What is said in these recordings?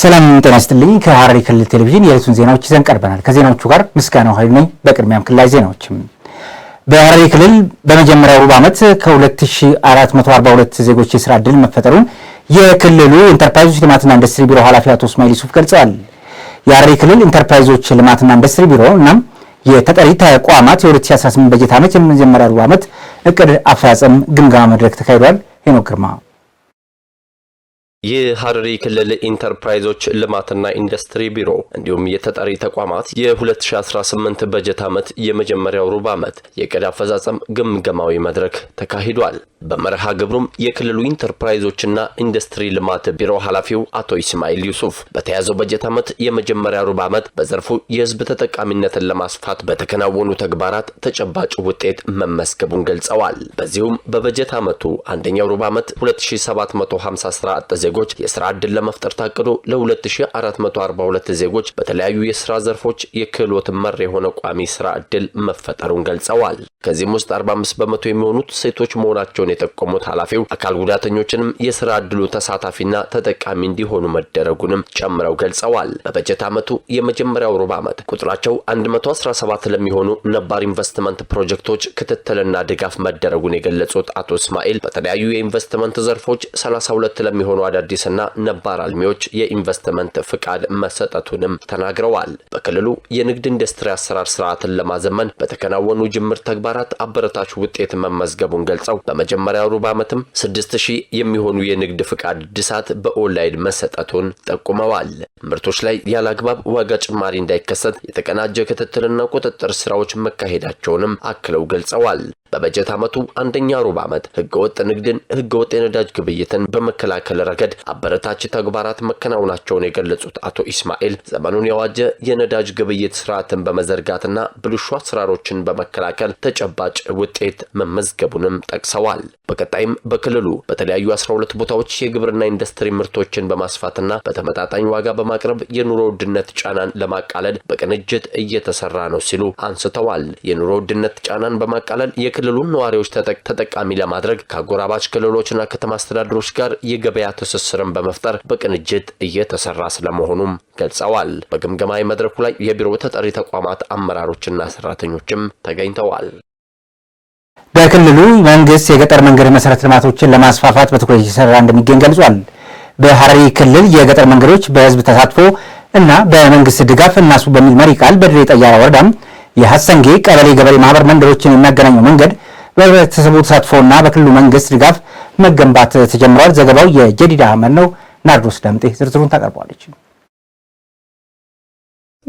ሰላም ጤና ይስጥልኝ። ከሐረሪ ክልል ቴሌቪዥን የዕለቱን ዜናዎች ይዘን ቀርበናል። ከዜናዎቹ ጋር ምስጋናው ኃይሉ ነኝ። በቅድሚያም ክልላዊ ዜናዎችም በሐረሪ ክልል በመጀመሪያው ሩብ ዓመት ከ2442 ዜጎች የስራ ዕድል መፈጠሩን የክልሉ ኢንተርፕራይዞች ልማትና ኢንዱስትሪ ቢሮ ኃላፊ አቶ እስማኤል ዩሱፍ ገልጸዋል። የሐረሪ ክልል ኢንተርፕራይዞች ልማትና ኢንዱስትሪ ቢሮ እናም የተጠሪ ተቋማት የ2018 በጀት ዓመት የመጀመሪያ ሩብ ዓመት እቅድ አፈጻጸም ግምገማ መድረክ ተካሂዷል። ሄኖክ ግርማ የሐረሪ ክልል ኢንተርፕራይዞች ልማትና ኢንዱስትሪ ቢሮ እንዲሁም የተጠሪ ተቋማት የ2018 በጀት ዓመት የመጀመሪያው ሩብ ዓመት የዕቅድ አፈጻጸም ግምገማዊ መድረክ ተካሂዷል። በመርሃ ግብሩም የክልሉ ኢንተርፕራይዞችና ኢንዱስትሪ ልማት ቢሮ ኃላፊው አቶ ኢስማኤል ዩሱፍ በተያዘው በጀት ዓመት የመጀመሪያ ሩብ ዓመት በዘርፉ የህዝብ ተጠቃሚነትን ለማስፋት በተከናወኑ ተግባራት ተጨባጭ ውጤት መመስገቡን ገልጸዋል። በዚሁም በበጀት ዓመቱ አንደኛው ሩብ ዓመት 2750 ስራ አጥ ዜጎች የስራ ዕድል ለመፍጠር ታቅዶ ለ2442 ዜጎች በተለያዩ የስራ ዘርፎች የክህሎት መር የሆነ ቋሚ ስራ ዕድል መፈጠሩን ገልጸዋል። ከዚህም ውስጥ 45 በመቶ የሚሆኑት ሴቶች መሆናቸውን መሆናቸውን የጠቆሙት ኃላፊው አካል ጉዳተኞችንም የስራ እድሉ ተሳታፊና ተጠቃሚ እንዲሆኑ መደረጉንም ጨምረው ገልጸዋል። በበጀት ዓመቱ የመጀመሪያው ሩብ ዓመት ቁጥራቸው 117 ለሚሆኑ ነባር ኢንቨስትመንት ፕሮጀክቶች ክትትልና ድጋፍ መደረጉን የገለጹት አቶ እስማኤል በተለያዩ የኢንቨስትመንት ዘርፎች 32 ለሚሆኑ አዳዲስና ነባር አልሚዎች የኢንቨስትመንት ፍቃድ መሰጠቱንም ተናግረዋል። በክልሉ የንግድ ኢንዱስትሪ አሰራር ስርዓትን ለማዘመን በተከናወኑ ጅምር ተግባራት አበረታች ውጤት መመዝገቡን ገልጸው በመጀመ በመጀመሪያው ሩብ ዓመትም 6000 የሚሆኑ የንግድ ፍቃድ እድሳት በኦንላይን መሰጠቱን ጠቁመዋል። ምርቶች ላይ ያለአግባብ ዋጋ ጭማሪ እንዳይከሰት የተቀናጀ ክትትልና ቁጥጥር ስራዎች መካሄዳቸውንም አክለው ገልጸዋል። በበጀት ዓመቱ አንደኛ ሩብ ዓመት ህገወጥ ንግድን፣ ህገወጥ የነዳጅ ግብይትን በመከላከል ረገድ አበረታች ተግባራት መከናወናቸውን የገለጹት አቶ ኢስማኤል ዘመኑን የዋጀ የነዳጅ ግብይት ስርዓትን በመዘርጋትና ብልሹ አሰራሮችን በመከላከል ተጨባጭ ውጤት መመዝገቡንም ጠቅሰዋል። በቀጣይም በክልሉ በተለያዩ 12 ቦታዎች የግብርና ኢንዱስትሪ ምርቶችን በማስፋትና በተመጣጣኝ ዋጋ በማቅረብ የኑሮ ውድነት ጫናን ለማቃለል በቅንጅት እየተሰራ ነው ሲሉ አንስተዋል። የኑሮ ውድነት ጫናን በማቃለል የክልሉን ነዋሪዎች ተጠቃሚ ለማድረግ ከአጎራባች ክልሎችና ከተማ አስተዳደሮች ጋር የገበያ ትስስርን በመፍጠር በቅንጅት እየተሰራ ስለመሆኑም ገልጸዋል። በግምገማዊ መድረኩ ላይ የቢሮ ተጠሪ ተቋማት አመራሮችና ሰራተኞችም ተገኝተዋል። በክልሉ መንግስት የገጠር መንገድ መሰረተ ልማቶችን ለማስፋፋት በትኩረት እየሰራ እንደሚገኝ ገልጿል። በሐረሪ ክልል የገጠር መንገዶች በህዝብ ተሳትፎ እና በመንግስት ድጋፍ እናስቡ በሚል መሪ ቃል በድሬ ጠያራ ወረዳም የሀሰንጌ ቀበሌ ገበሬ ማህበር መንደሮችን የሚያገናኘው መንገድ በህብረተሰቡ ተሳትፎና በክልሉ መንግስት ድጋፍ መገንባት ተጀምሯል። ዘገባው የጀዲዳ አህመድ ነው። ናርዶስ ዳምጤ ዝርዝሩን ታቀርቧለች።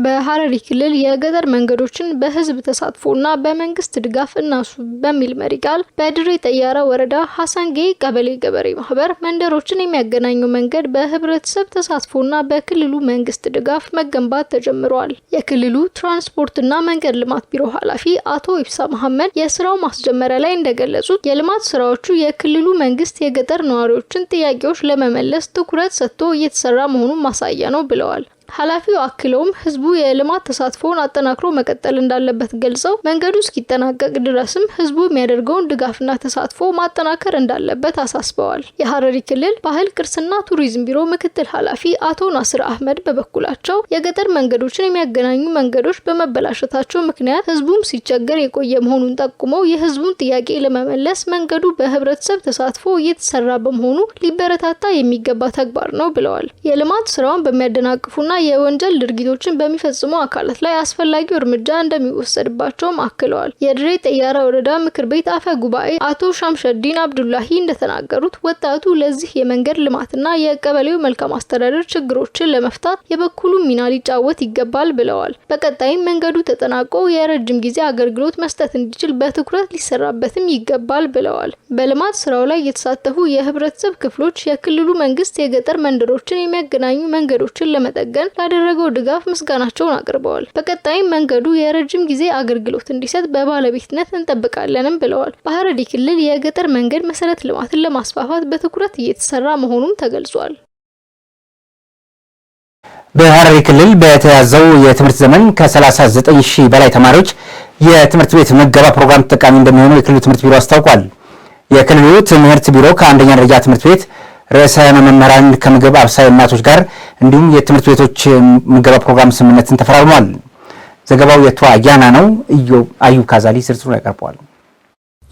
በሐረሪ ክልል የገጠር መንገዶችን በህዝብ ተሳትፎና በመንግስት ድጋፍ እናሱ በሚል መሪ ቃል በድሬ ጠያራ ወረዳ ሐሰንጌ ቀበሌ ገበሬ ማህበር መንደሮችን የሚያገናኘው መንገድ በህብረተሰብ ተሳትፎና በክልሉ መንግስት ድጋፍ መገንባት ተጀምሯል። የክልሉ ትራንስፖርትና መንገድ ልማት ቢሮ ኃላፊ አቶ ኢብሳ መሐመድ የስራው ማስጀመሪያ ላይ እንደገለጹት የልማት ስራዎቹ የክልሉ መንግስት የገጠር ነዋሪዎችን ጥያቄዎች ለመመለስ ትኩረት ሰጥቶ እየተሰራ መሆኑን ማሳያ ነው ብለዋል። ኃላፊው አክለውም ህዝቡ የልማት ተሳትፎውን አጠናክሮ መቀጠል እንዳለበት ገልጸው መንገዱ እስኪጠናቀቅ ድረስም ህዝቡ የሚያደርገውን ድጋፍና ተሳትፎ ማጠናከር እንዳለበት አሳስበዋል። የሐረሪ ክልል ባህል ቅርስና ቱሪዝም ቢሮ ምክትል ኃላፊ አቶ ናስር አህመድ በበኩላቸው የገጠር መንገዶችን የሚያገናኙ መንገዶች በመበላሸታቸው ምክንያት ህዝቡም ሲቸገር የቆየ መሆኑን ጠቁመው የህዝቡን ጥያቄ ለመመለስ መንገዱ በህብረተሰብ ተሳትፎ እየተሰራ በመሆኑ ሊበረታታ የሚገባ ተግባር ነው ብለዋል። የልማት ስራውን በሚያደናቅፉና የወንጀል ድርጊቶችን በሚፈጽሙ አካላት ላይ አስፈላጊው እርምጃ እንደሚወሰድባቸውም አክለዋል። የድሬ ጠያራ ወረዳ ምክር ቤት አፈ ጉባኤ አቶ ሻምሸዲን አብዱላሂ እንደተናገሩት ወጣቱ ለዚህ የመንገድ ልማትና የቀበሌው መልካም አስተዳደር ችግሮችን ለመፍታት የበኩሉ ሚና ሊጫወት ይገባል ብለዋል። በቀጣይም መንገዱ ተጠናቆ የረጅም ጊዜ አገልግሎት መስጠት እንዲችል በትኩረት ሊሰራበትም ይገባል ብለዋል። በልማት ስራው ላይ የተሳተፉ የህብረተሰብ ክፍሎች የክልሉ መንግስት የገጠር መንደሮችን የሚያገናኙ መንገዶችን ለመጠገን ላደረገው ድጋፍ ምስጋናቸውን አቅርበዋል። በቀጣይም መንገዱ የረጅም ጊዜ አገልግሎት እንዲሰጥ በባለቤትነት እንጠብቃለንም ብለዋል። ሐረሪ ክልል የገጠር መንገድ መሰረተ ልማትን ለማስፋፋት በትኩረት እየተሰራ መሆኑም ተገልጿል። በሐረሪ ክልል በተያዘው የትምህርት ዘመን ከ39 ሺህ በላይ ተማሪዎች የትምህርት ቤት ምገባ ፕሮግራም ተጠቃሚ እንደሚሆኑ የክልሉ ትምህርት ቢሮ አስታውቋል። የክልሉ ትምህርት ቢሮ ከአንደኛ ደረጃ ትምህርት ቤት ርዕሰ መምህራን ከምግብ አብሳይ እናቶች ጋር እንዲሁም የትምህርት ቤቶች ምገባ ፕሮግራም ስምምነትን ተፈራርሟል። ዘገባው የቷ አያና ነው። እዮ አዩብ ካዛሊ ዝርዝሩን ያቀርበዋል።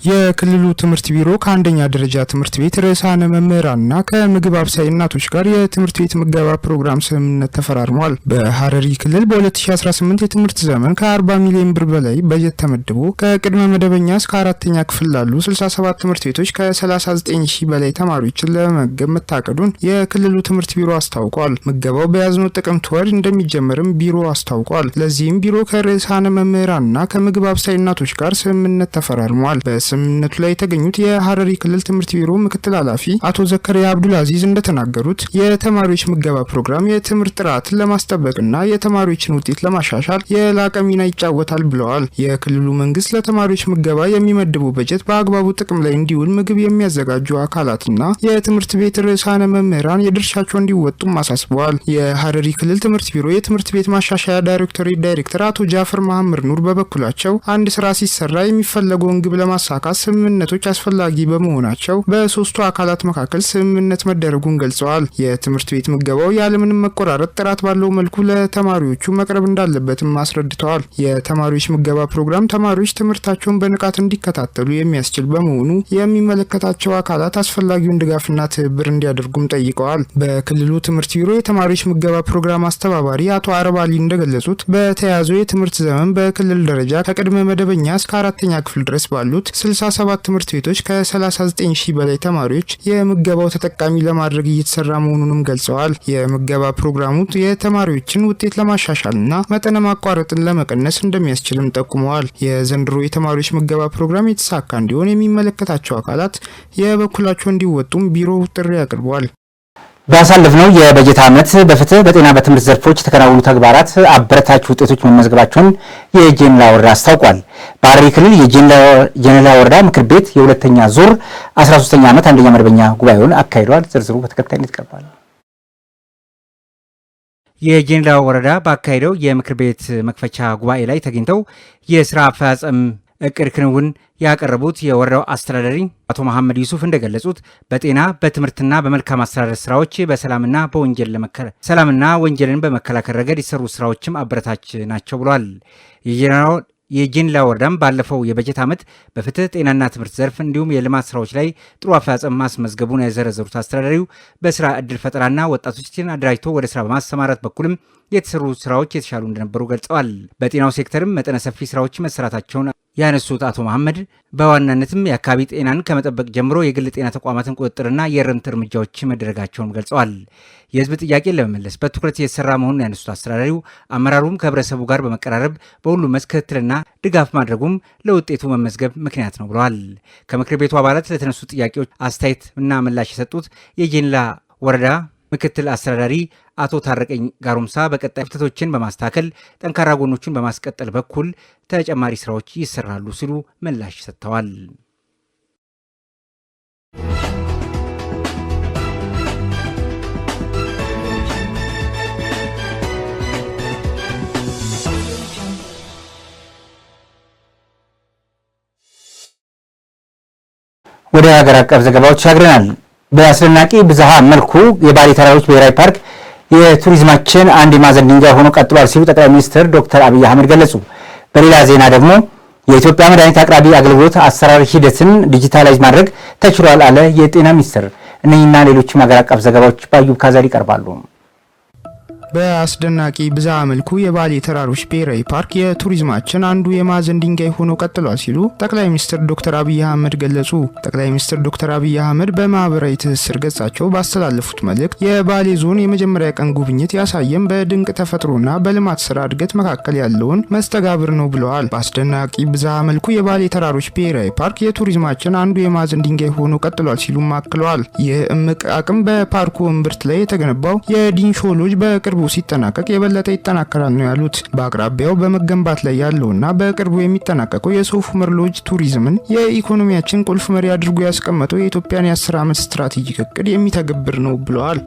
የክልሉ ትምህርት ቢሮ ከአንደኛ ደረጃ ትምህርት ቤት ርዕሳነ መምህራንና ከምግብ አብሳይ እናቶች ጋር የትምህርት ቤት ምገባ ፕሮግራም ስምምነት ተፈራርሟል። በሀረሪ ክልል በ2018 የትምህርት ዘመን ከ40 ሚሊዮን ብር በላይ በጀት ተመድቦ ከቅድመ መደበኛ እስከ አራተኛ ክፍል ላሉ 67 ትምህርት ቤቶች ከ39 ሺህ በላይ ተማሪዎችን ለመመገብ መታቀዱን የክልሉ ትምህርት ቢሮ አስታውቋል። ምገባው በያዝነው ጥቅምት ወር እንደሚጀመርም ቢሮ አስታውቋል። ለዚህም ቢሮ ከርዕሳነ መምህራንና ከምግብ አብሳይ እናቶች ጋር ስምምነት ተፈራርሟል ስምምነቱ ላይ የተገኙት የሀረሪ ክልል ትምህርት ቢሮ ምክትል ኃላፊ አቶ ዘከሪያ አብዱል አዚዝ እንደተናገሩት የተማሪዎች ምገባ ፕሮግራም የትምህርት ጥራትን ለማስጠበቅና የተማሪዎችን ውጤት ለማሻሻል የላቀ ሚና ይጫወታል ብለዋል። የክልሉ መንግስት ለተማሪዎች ምገባ የሚመድበው በጀት በአግባቡ ጥቅም ላይ እንዲውል ምግብ የሚያዘጋጁ አካላትና የትምህርት ቤት ርዕሳነ መምህራን የድርሻቸው እንዲወጡም አሳስበዋል። የሀረሪ ክልል ትምህርት ቢሮ የትምህርት ቤት ማሻሻያ ዳይሬክቶሬት ዳይሬክተር አቶ ጃፈር መሐመድ ኑር በበኩላቸው አንድ ስራ ሲሰራ የሚፈለገውን ግብ ለማሳ ለማሳካት ስምምነቶች አስፈላጊ በመሆናቸው በሶስቱ አካላት መካከል ስምምነት መደረጉን ገልጸዋል። የትምህርት ቤት ምገባው ያለምንም መቆራረጥ ጥራት ባለው መልኩ ለተማሪዎቹ መቅረብ እንዳለበትም አስረድተዋል። የተማሪዎች ምገባ ፕሮግራም ተማሪዎች ትምህርታቸውን በንቃት እንዲከታተሉ የሚያስችል በመሆኑ የሚመለከታቸው አካላት አስፈላጊውን ድጋፍና ትብብር እንዲያደርጉም ጠይቀዋል። በክልሉ ትምህርት ቢሮ የተማሪዎች ምገባ ፕሮግራም አስተባባሪ አቶ አረባሊ አሊ እንደገለጹት በተያዘው የትምህርት ዘመን በክልል ደረጃ ከቅድመ መደበኛ እስከ አራተኛ ክፍል ድረስ ባሉት 67 ትምህርት ቤቶች ከ39 ሺህ በላይ ተማሪዎች የምገባው ተጠቃሚ ለማድረግ እየተሰራ መሆኑንም ገልጸዋል። የምገባ ፕሮግራሙ የተማሪዎችን ውጤት ለማሻሻልና መጠነ ማቋረጥን ለመቀነስ እንደሚያስችልም ጠቁመዋል። የዘንድሮ የተማሪዎች ምገባ ፕሮግራም የተሳካ እንዲሆን የሚመለከታቸው አካላት የበኩላቸው እንዲወጡም ቢሮው ጥሪ አቅርቧል። ባሳለፍነው የበጀት ዓመት በፍትህ በጤና በትምህርት ዘርፎች የተከናወኑ ተግባራት አበረታች ውጤቶች መመዝገባቸውን የጀንላ ወረዳ አስታውቋል። ሐረሪ ክልል የጀንላ ወረዳ ምክር ቤት የሁለተኛ ዙር 13ኛ ዓመት አንደኛ መደበኛ ጉባኤውን አካሂዷል። ዝርዝሩ በተከታይነት ይቀርባል። የጀንላ ወረዳ ባካሄደው የምክር ቤት መክፈቻ ጉባኤ ላይ ተገኝተው የስራ አፈጻጸም እቅድ ክንውን ያቀረቡት የወረዳው አስተዳዳሪ አቶ መሐመድ ዩሱፍ እንደገለጹት በጤና በትምህርትና በመልካም አስተዳደር ስራዎች በሰላምና በወንጀል ሰላምና ወንጀልን በመከላከል ረገድ የሰሩ ስራዎችም አበረታች ናቸው ብሏል። የጂንላ ወረዳም ባለፈው የበጀት ዓመት በፍትህ ጤናና ትምህርት ዘርፍ እንዲሁም የልማት ስራዎች ላይ ጥሩ አፈጻጸም ማስመዝገቡን የዘረዘሩት አስተዳዳሪው በስራ እድል ፈጠራና ወጣቶችን አደራጅቶ ወደ ስራ በማሰማራት በኩልም የተሰሩ ስራዎች የተሻሉ እንደነበሩ ገልጸዋል። በጤናው ሴክተርም መጠነ ሰፊ ስራዎች መሰራታቸውን ያነሱት አቶ መሐመድ በዋናነትም የአካባቢ ጤናን ከመጠበቅ ጀምሮ የግል ጤና ተቋማትን ቁጥጥርና የእርምት እርምጃዎች መደረጋቸውን ገልጸዋል። የህዝብ ጥያቄን ለመመለስ በትኩረት የተሰራ መሆኑን ያነሱት አስተዳዳሪው አመራሩም ከህብረተሰቡ ጋር በመቀራረብ በሁሉም መስክ ክትትልና ድጋፍ ማድረጉም ለውጤቱ መመዝገብ ምክንያት ነው ብለዋል። ከምክር ቤቱ አባላት ለተነሱ ጥያቄዎች አስተያየት እና ምላሽ የሰጡት የጄንላ ወረዳ ምክትል አስተዳዳሪ አቶ ታረቀኝ ጋሩምሳ በቀጣይ ክፍተቶችን በማስተካከል ጠንካራ ጎኖቹን በማስቀጠል በኩል ተጨማሪ ስራዎች ይሰራሉ ሲሉ ምላሽ ሰጥተዋል። ወደ ሀገር አቀፍ ዘገባዎች ያግረናል። በአስደናቂ ብዝሃ መልኩ የባሌ ተራሮች ብሔራዊ ፓርክ የቱሪዝማችን አንድ የማዕዘን ድንጋይ ሆኖ ቀጥሏል ሲሉ ጠቅላይ ሚኒስትር ዶክተር አብይ አህመድ ገለጹ። በሌላ ዜና ደግሞ የኢትዮጵያ መድኃኒት አቅራቢ አገልግሎት አሰራር ሂደትን ዲጂታላይዝ ማድረግ ተችሏል አለ የጤና ሚኒስትር። እነኝና ሌሎችም ሀገር አቀፍ ዘገባዎች በአዩብ ካዛር ይቀርባሉ። በአስደናቂ ብዝሃ መልኩ የባሌ ተራሮች ብሔራዊ ፓርክ የቱሪዝማችን አንዱ የማዕዘን ድንጋይ ሆኖ ቀጥሏል ሲሉ ጠቅላይ ሚኒስትር ዶክተር አብይ አህመድ ገለጹ። ጠቅላይ ሚኒስትር ዶክተር አብይ አህመድ በማህበራዊ ትስስር ገጻቸው ባስተላለፉት መልእክት የባሌ ዞን የመጀመሪያ ቀን ጉብኝት ያሳየም በድንቅ ተፈጥሮና በልማት ስራ እድገት መካከል ያለውን መስተጋብር ነው ብለዋል። በአስደናቂ ብዝሃ መልኩ የባሌ ተራሮች ብሔራዊ ፓርክ የቱሪዝማችን አንዱ የማዕዘን ድንጋይ ሆኖ ቀጥሏል ሲሉም አክለዋል። ይህ እምቅ አቅም በፓርኩ እምብርት ላይ የተገነባው የዲንሾ ሎጅ በቅርቡ ሲጠናቀቅ የበለጠ ይጠናከራል ነው ያሉት። በአቅራቢያው በመገንባት ላይ ያለውና በቅርቡ የሚጠናቀቀው የሶፍ ዑመር ሎጅ ቱሪዝምን የኢኮኖሚያችን ቁልፍ መሪ አድርጎ ያስቀመጠው የኢትዮጵያን የአስር ዓመት ስትራቴጂክ እቅድ የሚተገብር ነው ብለዋል።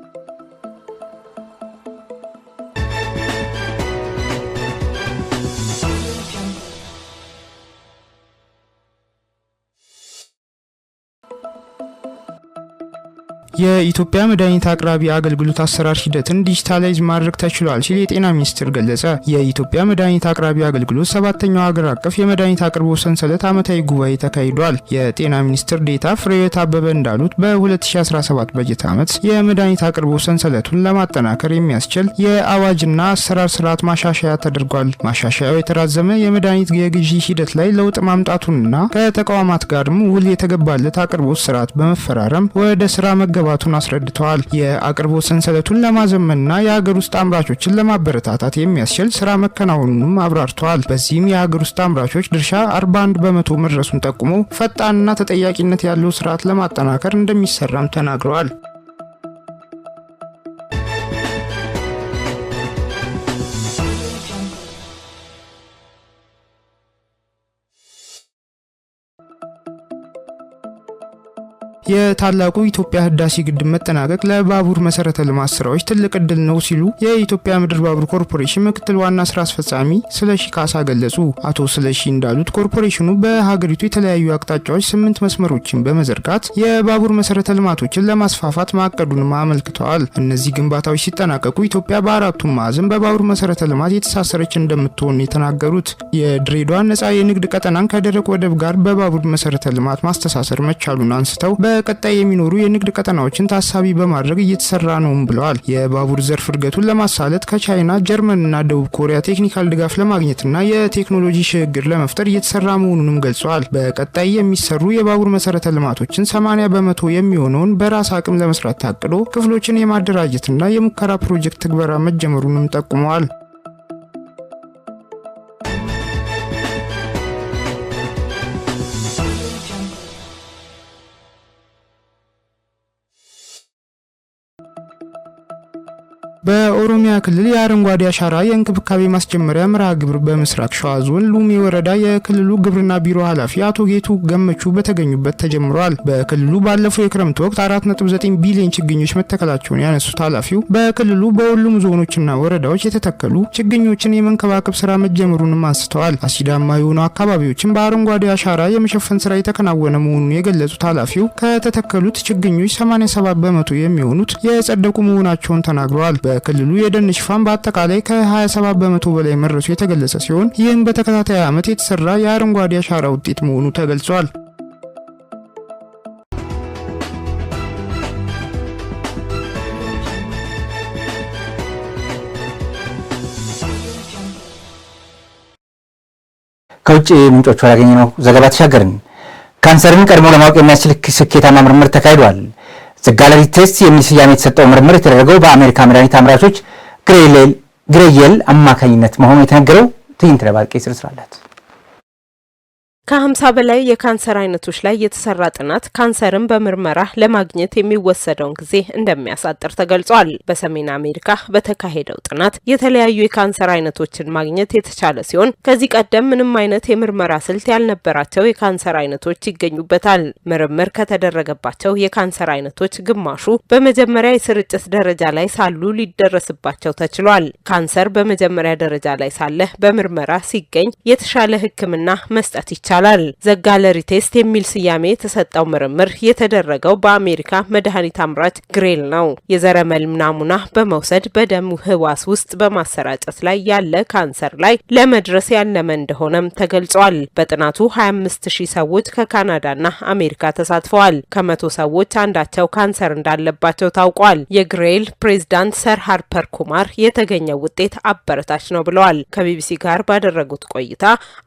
የኢትዮጵያ መድኃኒት አቅራቢ አገልግሎት አሰራር ሂደትን ዲጂታላይዝ ማድረግ ተችሏል ሲል የጤና ሚኒስትር ገለጸ። የኢትዮጵያ መድኃኒት አቅራቢ አገልግሎት ሰባተኛው ሀገር አቀፍ የመድኃኒት አቅርቦ ሰንሰለት ዓመታዊ ጉባኤ ተካሂዷል። የጤና ሚኒስትር ዴታ ፍሬሕይወት አበበ እንዳሉት በ2017 በጀት ዓመት የመድኃኒት አቅርቦ ሰንሰለቱን ለማጠናከር የሚያስችል የአዋጅና አሰራር ስርዓት ማሻሻያ ተደርጓል። ማሻሻያው የተራዘመ የመድኃኒት የግዢ ሂደት ላይ ለውጥ ማምጣቱንና ከተቋማት ጋርም ውል የተገባለት አቅርቦት ስርዓት በመፈራረም ወደ ስራ መገባ መግባቱን አስረድተዋል። የአቅርቦት ሰንሰለቱን ለማዘመንና የሀገር ውስጥ አምራቾችን ለማበረታታት የሚያስችል ስራ መከናወኑንም አብራርተዋል። በዚህም የሀገር ውስጥ አምራቾች ድርሻ 41 በመቶ መድረሱን ጠቁሞ ፈጣንና ተጠያቂነት ያለው ስርዓት ለማጠናከር እንደሚሰራም ተናግረዋል። የታላቁ ኢትዮጵያ ህዳሴ ግድብ መጠናቀቅ ለባቡር መሰረተ ልማት ስራዎች ትልቅ እድል ነው ሲሉ የኢትዮጵያ ምድር ባቡር ኮርፖሬሽን ምክትል ዋና ስራ አስፈጻሚ ስለሺ ካሳ ገለጹ። አቶ ስለሺ እንዳሉት ኮርፖሬሽኑ በሀገሪቱ የተለያዩ አቅጣጫዎች ስምንት መስመሮችን በመዘርጋት የባቡር መሰረተ ልማቶችን ለማስፋፋት ማቀዱንም አመልክተዋል። እነዚህ ግንባታዎች ሲጠናቀቁ ኢትዮጵያ በአራቱም ማዕዘን በባቡር መሰረተ ልማት የተሳሰረች እንደምትሆን የተናገሩት የድሬዳዋ ነጻ የንግድ ቀጠናን ከደረቅ ወደብ ጋር በባቡር መሰረተ ልማት ማስተሳሰር መቻሉን አንስተው በቀ ቀጣይ የሚኖሩ የንግድ ቀጠናዎችን ታሳቢ በማድረግ እየተሰራ ነውም ብለዋል። የባቡር ዘርፍ እድገቱን ለማሳለጥ ከቻይና ጀርመን ና ደቡብ ኮሪያ ቴክኒካል ድጋፍ ለማግኘትና የቴክኖሎጂ ሽግግር ለመፍጠር እየተሰራ መሆኑንም ገልጸዋል። በቀጣይ የሚሰሩ የባቡር መሰረተ ልማቶችን 80 በመቶ የሚሆነውን በራስ አቅም ለመስራት ታቅዶ ክፍሎችን የማደራጀትና የሙከራ ፕሮጀክት ትግበራ መጀመሩንም ጠቁመዋል። የኦሮሚያ ክልል የአረንጓዴ አሻራ የእንክብካቤ ማስጀመሪያ መርሃ ግብር በምስራቅ ሸዋ ዞን ሉሚ ወረዳ የክልሉ ግብርና ቢሮ ኃላፊ አቶ ጌቱ ገመቹ በተገኙበት ተጀምሯል። በክልሉ ባለፈው የክረምት ወቅት 4.9 ቢሊዮን ችግኞች መተከላቸውን ያነሱት ኃላፊው በክልሉ በሁሉም ዞኖችና ወረዳዎች የተተከሉ ችግኞችን የመንከባከብ ስራ መጀመሩንም አንስተዋል። አሲዳማ የሆኑ አካባቢዎችን በአረንጓዴ አሻራ የመሸፈን ስራ የተከናወነ መሆኑን የገለጹት ኃላፊው ከተተከሉት ችግኞች 87 በመቶ የሚሆኑት የጸደቁ መሆናቸውን ተናግረዋል። በክልሉ የደን ሽፋን በአጠቃላይ ከ27 በመቶ በላይ መድረሱ የተገለጸ ሲሆን ይህም በተከታታይ ዓመት የተሰራ የአረንጓዴ አሻራ ውጤት መሆኑ ተገልጿል። ከውጭ ምንጮቹ ነው ዘገባ ተሻገርን። ካንሰርን ቀድሞ ለማወቅ የሚያስችል ስኬታማ ምርምር ተካሂዷል። ዘጋለሪ ቴስት የሚል ስያሜ የተሰጠው ምርምር የተደረገው በአሜሪካ መድኃኒት አምራቾች ግሬየል አማካኝነት መሆኑ የተነገረው ትዕይንተ ነባር ቀይ ስር ስላላት ከሀምሳ በላይ የካንሰር አይነቶች ላይ የተሰራ ጥናት ካንሰርን በምርመራ ለማግኘት የሚወሰደውን ጊዜ እንደሚያሳጥር ተገልጿል። በሰሜን አሜሪካ በተካሄደው ጥናት የተለያዩ የካንሰር አይነቶችን ማግኘት የተቻለ ሲሆን ከዚህ ቀደም ምንም አይነት የምርመራ ስልት ያልነበራቸው የካንሰር አይነቶች ይገኙበታል። ምርምር ከተደረገባቸው የካንሰር አይነቶች ግማሹ በመጀመሪያ የስርጭት ደረጃ ላይ ሳሉ ሊደረስባቸው ተችሏል። ካንሰር በመጀመሪያ ደረጃ ላይ ሳለ በምርመራ ሲገኝ የተሻለ ሕክምና መስጠት ይቻላል። ይባላል። ዘጋለሪ ቴስት የሚል ስያሜ የተሰጠው ምርምር የተደረገው በአሜሪካ መድኃኒት አምራች ግሬል ነው። የዘረመል ናሙና በመውሰድ በደም ህዋስ ውስጥ በማሰራጨት ላይ ያለ ካንሰር ላይ ለመድረስ ያለመ እንደሆነም ተገልጿል። በጥናቱ 25 ሺህ ሰዎች ከካናዳና አሜሪካ ተሳትፈዋል። ከመቶ ሰዎች አንዳቸው ካንሰር እንዳለባቸው ታውቋል። የግሬል ፕሬዝዳንት ሰር ሃርፐር ኩማር የተገኘው ውጤት አበረታች ነው ብለዋል። ከቢቢሲ ጋር ባደረጉት ቆይታ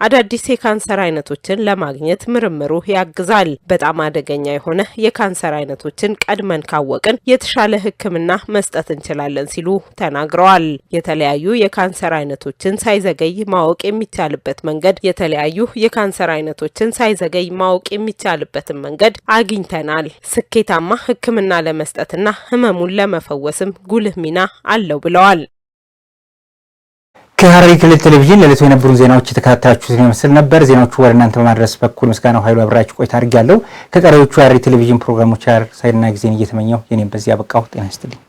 አዳዲስ የካንሰር አይነቶች አይነቶችን ለማግኘት ምርምሩ ያግዛል። በጣም አደገኛ የሆነ የካንሰር አይነቶችን ቀድመን ካወቅን የተሻለ ሕክምና መስጠት እንችላለን ሲሉ ተናግረዋል። የተለያዩ የካንሰር አይነቶችን ሳይዘገይ ማወቅ የሚቻልበት መንገድ የተለያዩ የካንሰር አይነቶችን ሳይዘገይ ማወቅ የሚቻልበትን መንገድ አግኝተናል። ስኬታማ ሕክምና ለመስጠትና ህመሙን ለመፈወስም ጉልህ ሚና አለው ብለዋል። ከሐረሪ ክልል ቴሌቪዥን ለዕለቱ የነበሩን ዜናዎች የተከታተላችሁትን ይመስል ነበር። ዜናዎቹ ወደ እናንተ በማድረስ በኩል ምስጋናው ኃይሉ አብራችሁ ቆይታ አድርጌያለሁ። ከቀሪዎቹ የሐረሪ ቴሌቪዥን ፕሮግራሞች ጋር ሳይና ጊዜን እየተመኘው የኔም በዚህ አበቃሁ። ጤና ይስጥልኝ።